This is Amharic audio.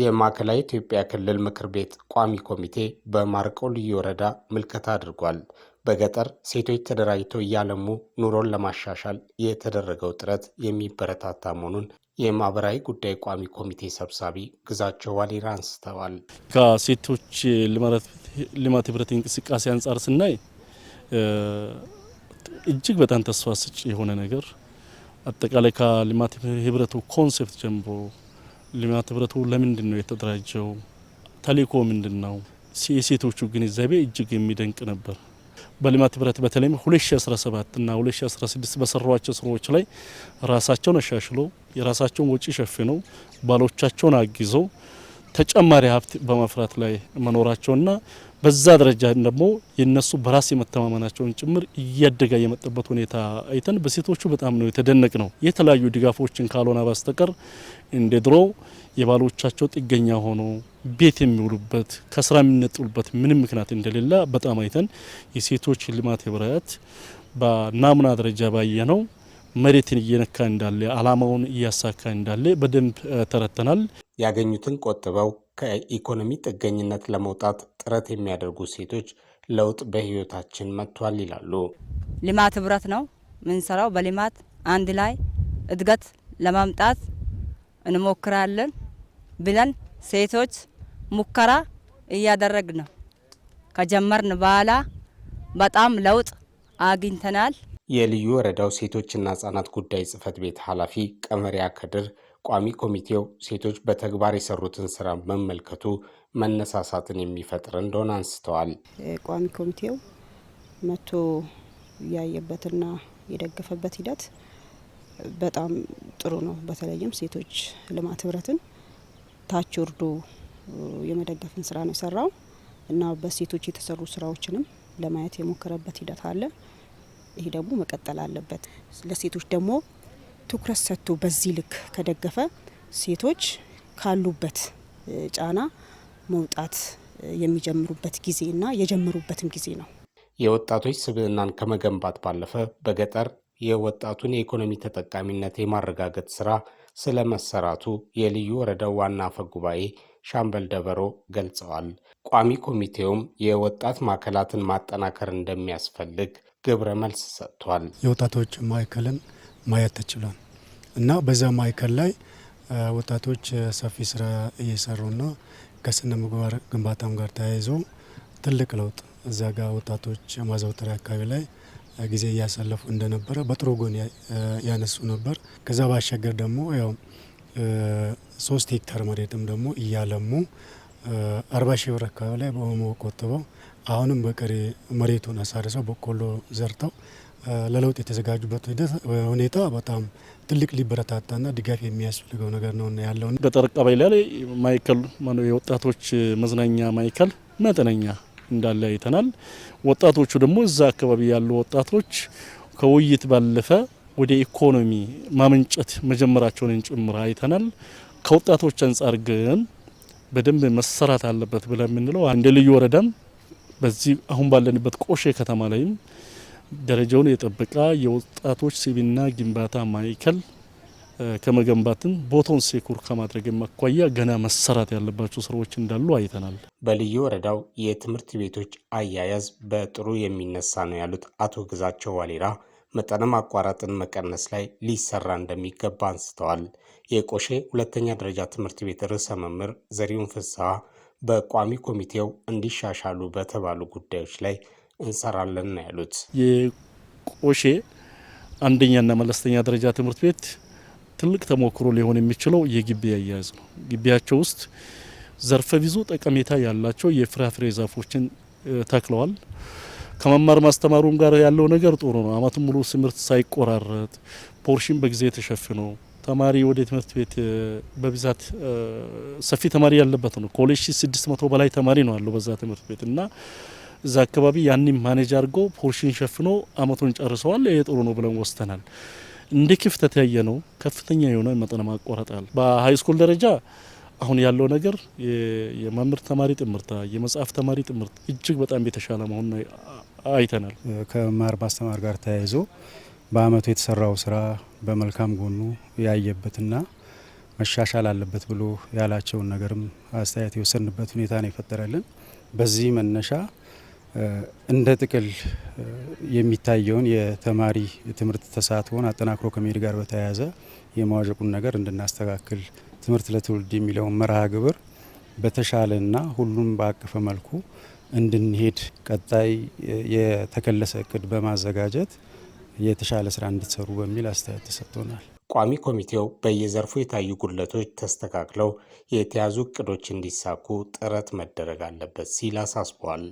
የማዕከላዊ ኢትዮጵያ ክልል ምክር ቤት ቋሚ ኮሚቴ በማረቆ ልዩ ወረዳ ምልከታ አድርጓል። በገጠር ሴቶች ተደራጅተው እያለሙ ኑሮን ለማሻሻል የተደረገው ጥረት የሚበረታታ መሆኑን የማህበራዊ ጉዳይ ቋሚ ኮሚቴ ሰብሳቢ ግዛቸው ዋሌራ አንስተዋል። ከሴቶች ልማት ህብረት እንቅስቃሴ አንጻር ስናይ እጅግ በጣም ተስፋ ስጭ የሆነ ነገር አጠቃላይ ከልማት ህብረቱ ኮንሴፕት ጀምሮ ልማት ህብረቱ ለምንድን ነው የተደራጀው? ተልእኮ ምንድን ነው? የሴቶቹ ግንዛቤ እጅግ የሚደንቅ ነበር። በልማት ህብረት በተለይም 2017 እና 2016 በሰሯቸው ስራዎች ላይ ራሳቸውን አሻሽለው የራሳቸውን ወጪ ሸፍነው ባሎቻቸውን አግዘው ተጨማሪ ሀብት በማፍራት ላይ መኖራቸውና በዛ ደረጃ ደግሞ የነሱ በራስ የመተማመናቸውን ጭምር እያደገ የመጣበት ሁኔታ አይተን በሴቶቹ በጣም ነው የተደነቅ ነው። የተለያዩ ድጋፎችን ካልሆነ በስተቀር እንደ ድሮ የባሎቻቸው ጥገኛ ሆኖ ቤት የሚውሉበት ከስራ የሚነጥሉበት ምንም ምክንያት እንደሌለ በጣም አይተን የሴቶች ልማት ህብረት በናሙና ደረጃ ባየ ነው መሬትን እየነካ እንዳለ አላማውን እያሳካ እንዳለ በደንብ ተረተናል። ያገኙትን ቆጥበው ከኢኮኖሚ ጥገኝነት ለመውጣት ጥረት የሚያደርጉ ሴቶች ለውጥ በህይወታችን መጥቷል ይላሉ። ልማት ህብረት ነው ምንሰራው። በልማት አንድ ላይ እድገት ለማምጣት እንሞክራለን ብለን ሴቶች ሙከራ እያደረግን ነው። ከጀመርን በኋላ በጣም ለውጥ አግኝተናል። የልዩ ወረዳው ሴቶችና ህጻናት ጉዳይ ጽህፈት ቤት ኃላፊ ቀመሪያ ከድር ቋሚ ኮሚቴው ሴቶች በተግባር የሰሩትን ስራ መመልከቱ መነሳሳትን የሚፈጥር እንደሆነ አንስተዋል። ቋሚ ኮሚቴው መቶ ያየበትና የደገፈበት ሂደት በጣም ጥሩ ነው። በተለይም ሴቶች ልማት ህብረትን ታች ወርዶ የመደገፍን ስራ ነው የሰራው እና በሴቶች የተሰሩ ስራዎችንም ለማየት የሞከረበት ሂደት አለ። ይሄ ደግሞ መቀጠል አለበት። ለሴቶች ደግሞ ትኩረት ሰጥቶ በዚህ ልክ ከደገፈ ሴቶች ካሉበት ጫና መውጣት የሚጀምሩበት ጊዜና የጀመሩበትም ጊዜ ነው። የወጣቶች ስብዕናን ከመገንባት ባለፈ በገጠር የወጣቱን የኢኮኖሚ ተጠቃሚነት የማረጋገጥ ስራ ስለመሰራቱ የልዩ ወረዳው ዋና አፈ ጉባኤ ሻምበል ደበሮ ገልጸዋል። ቋሚ ኮሚቴውም የወጣት ማዕከላትን ማጠናከር እንደሚያስፈልግ ግብረ መልስ ሰጥቷል። የወጣቶች ማዕከልን ማየት ተችሏል እና በዛ ማዕከል ላይ ወጣቶች ሰፊ ስራ እየሰሩና ከስነ ምግባር ግንባታም ጋር ተያይዞ ትልቅ ለውጥ እዛ ጋር ወጣቶች ማዘውተሪያ አካባቢ ላይ ጊዜ እያሳለፉ እንደነበረ በጥሩ ጎን ያነሱ ነበር። ከዛ ባሻገር ደግሞ ያው ሶስት ሄክታር መሬትም ደግሞ እያለሙ አርባ ሺህ ብር አካባቢ ላይ በኦሞ ቆጥበው አሁንም በቀሪ መሬቱን አሳርሰው በቆሎ ዘርተው ለለውጥ የተዘጋጁበት ሁኔታ በጣም ትልቅ ሊበረታታና ድጋፍ የሚያስፈልገው ነገር ነው ያለው። ገጠር ቀበሌ ላይ የወጣቶች መዝናኛ ማዕከል መጠነኛ እንዳለ አይተናል። ወጣቶቹ ደግሞ እዛ አካባቢ ያሉ ወጣቶች ከውይይት ባለፈ ወደ ኢኮኖሚ ማመንጨት መጀመራቸውን ጭምር አይተናል። ከወጣቶች አንጻር ግን በደንብ መሰራት አለበት ብለ የምንለው እንደ ልዩ ወረዳም በዚህ አሁን ባለንበት ቆሼ ከተማ ላይም ደረጃውን የጠበቀ የወጣቶች ስብዕና ግንባታ ማዕከል ከመገንባትም ቦታውን ሴኩር ከማድረግ አኳያ ገና መሰራት ያለባቸው ስራዎች እንዳሉ አይተናል። በልዩ ወረዳው የትምህርት ቤቶች አያያዝ በጥሩ የሚነሳ ነው ያሉት አቶ ግዛቸው ዋሌራ መጠነ ማቋረጥን መቀነስ ላይ ሊሰራ እንደሚገባ አንስተዋል። የቆሼ ሁለተኛ ደረጃ ትምህርት ቤት ርዕሰ መምህር ዘሪሁን ፍስሐ በቋሚ ኮሚቴው እንዲሻሻሉ በተባሉ ጉዳዮች ላይ እንሰራለን ነው ያሉት። የቆሼ አንደኛና መለስተኛ ደረጃ ትምህርት ቤት ትልቅ ተሞክሮ ሊሆን የሚችለው የግቢ አያያዝ ነው። ግቢያቸው ውስጥ ዘርፈ ብዙ ጠቀሜታ ያላቸው የፍራፍሬ ዛፎችን ተክለዋል። ከመማር ማስተማሩም ጋር ያለው ነገር ጥሩ ነው። አመቱን ሙሉ ትምህርት ሳይቆራረጥ ፖርሽን በጊዜ ተሸፍኖ ተማሪ ወደ ትምህርት ቤት በብዛት ሰፊ ተማሪ ያለበት ነው። ኮሌጅ 600 በላይ ተማሪ ነው ያለው በዛ ትምህርት ቤት እና እዛ አካባቢ ያንን ማኔጅ አድርጎ ፖርሽን ሸፍኖ አመቱን ጨርሰዋል። ይሄ ጥሩ ነው ብለን ወስተናል። እንደ ክፍተት ያየ ነው ከፍተኛ የሆነ መጠነ ማቋረጥ አለ። ስኩል ደረጃ አሁን ያለው ነገር የመምህር ተማሪ ጥምርታ፣ የመጽሐፍ ተማሪ ጥምርታ እጅግ በጣም የተሻለ መሆኑን አይተናል። ከመማር ማስተማር ጋር ተያይዞ በአመቱ የተሰራው ስራ በመልካም ጎኑ ያየበትና መሻሻል አለበት ብሎ ያላቸውን ነገርም አስተያየት የወሰንበት ሁኔታ ነው የፈጠረልን። በዚህ መነሻ እንደ ጥቅል የሚታየውን የተማሪ ትምህርት ተሳትፎን አጠናክሮ ከመሄድ ጋር በተያያዘ የመዋዠቁን ነገር እንድናስተካክል ትምህርት ለትውልድ የሚለውን መርሃ ግብር በተሻለና ሁሉም በአቀፈ መልኩ እንድንሄድ ቀጣይ የተከለሰ እቅድ በማዘጋጀት የተሻለ ስራ እንድትሰሩ በሚል አስተያየት ተሰጥቶናል። ቋሚ ኮሚቴው በየዘርፉ የታዩ ጉድለቶች ተስተካክለው የተያዙ እቅዶች እንዲሳኩ ጥረት መደረግ አለበት ሲል አሳስቧል።